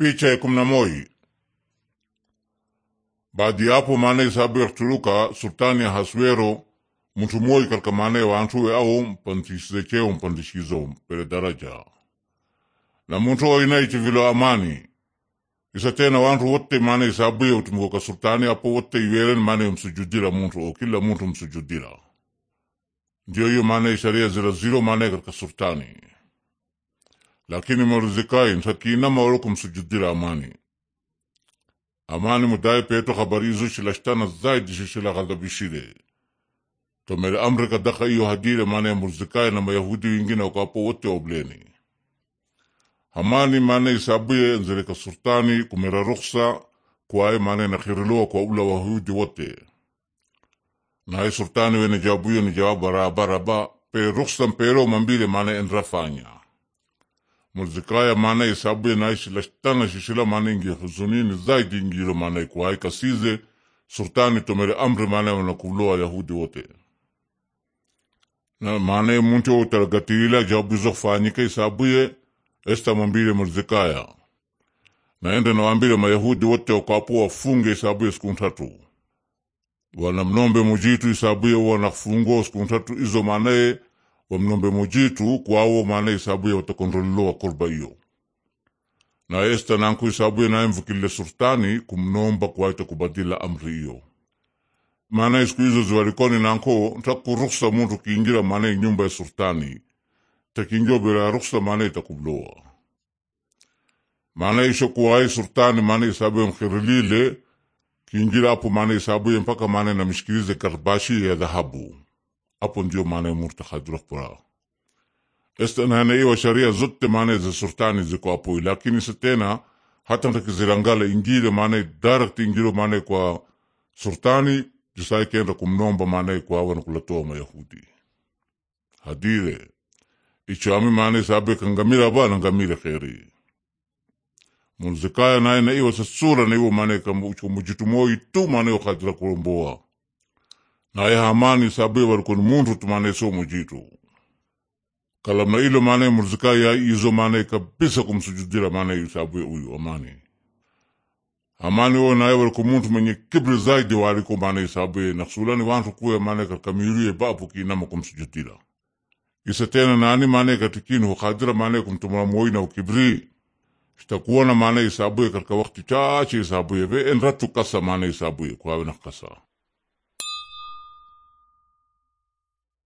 picha ya kumi na moja baadi yapo maana isabu yaktuluka sultani ya haswero mtu moi katika maana ya wantuwe au mpandishize cheo mpandishizo daraja na muntu vilo amani isa tena wantu wote maana isabuye ka sultani apo wote iwereni maana msujudira mtu o kila mtu msujudila ndiyo hiyo maana ya sharia zira ziro maana katika sultani lakini Mordekai ntakina maolo kumsujudira amani amani mudaye peto habari izo shilashtana zaidi shishilakazabishile tomele amri kadaka iyo hadire maana ya Mordekai na mayahudi wengine wakapo wote obleni amani maana isabuye nzereka sultani kumera ruksa kwaye maana nakhirilowa kwa ula wayahudi wote naye sultani wene jabuye ni jawabu barabaraba pe ruksa mpelo mambile maana enrafanya muzikaya maana isabu shitana shishila maana ingi huzunini zaidi ingilo maana size surtani tomere amri maana wanakuloa Wayahudi wote na maana muntu otaragatiila jawabu fanyika isabu ye esta mambile muzikaya naenda nawambile Mayahudi wote wakapo wafunge isabu ye siku ntatu wanamnombe mujitu isabu ye wanafungwa siku ntatu izo maanaye wamnombe mujitu kuawo maana isabu watakontrolilo wa korba iyo na esta nanku isabuye naemvukile sultani kumnomba kuwaita kubadila amri iyo maana siku hizo ziwalikoni nanko ntakuruksa muntu kiingira maana nyumba ya sultani takiingia bila ruksa maana itakubloa maana ishokuwai sultani maana ya mkirilile kiingira apo maana isabuye mpaka maana namishikilize karbashi ya dhahabu hapo ndio maana ya murtakad rohpura estanhanaiwa sharia zote maana za surtani ziko hapo lakini sa hata takizirangala ingile maana darakti ingilo maana kwa surtani jisai kenda kumnomba maana kwa wana kulatoa mayahudi hadire ichami maana sabe kangamira ba nangamira kheri munzikaya naye naiwa sa naiwa maana kamucho mujitumoyi tu maana kadra kulomboa naye hamani sabe warikoni muntu tumane mujitu jitu kalamna ilo mane murzika ya izo mane kabisa kumsujudira mane yu isabe uyu amani amani wo naye wariko muntu mwenye kibri zaidi wariko mane isabe naksulani wantu kuwe mane kakamirie bapu kinama kumsujudira isa tena nani mane katikini hukadira mane kumtumra na ukibri shtakuona mane isabuye katika wakti chache isabuye ve enratu kasa mane isabuye kwawe na kasa